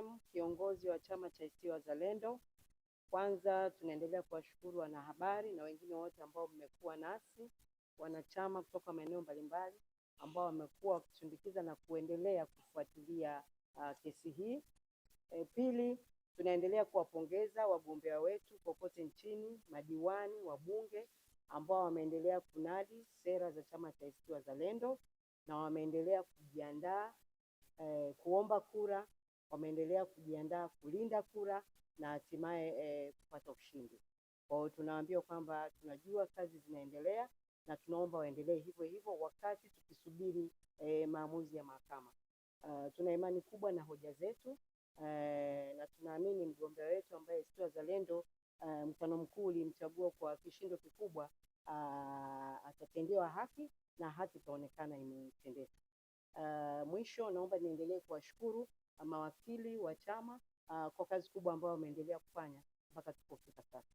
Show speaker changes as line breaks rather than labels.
Salem, kiongozi wa chama cha ACT Wazalendo. Kwanza tunaendelea kuwashukuru wanahabari na wengine wote ambao mmekuwa nasi, wanachama kutoka maeneo mbalimbali ambao wamekuwa wakisindikiza na kuendelea kufuatilia uh, kesi hii. E, pili tunaendelea kuwapongeza wagombea wetu kokote nchini, madiwani, wabunge ambao wameendelea kunadi sera za chama cha ACT Wazalendo na wameendelea kujiandaa eh, kuomba kura wameendelea kujiandaa kulinda kura na hatimaye eh, kupata ushindi. Kwa hiyo tunaambia kwamba tunajua kazi zinaendelea na tunaomba waendelee hivyo hivyo wakati tukisubiri eh, maamuzi ya mahakama. Uh, tuna imani kubwa na hoja zetu uh, na tunaamini mgombea wetu ambaye ACT Wazalendo uh, mfano mkuu ulimchagua kwa kishindo kikubwa uh, atatendewa haki na haki itaonekana imetendeka. Uh, mwisho naomba niendelee kuwashukuru mawakili wa chama uh, kwa kazi kubwa ambayo wameendelea kufanya mpaka tulipofika sasa.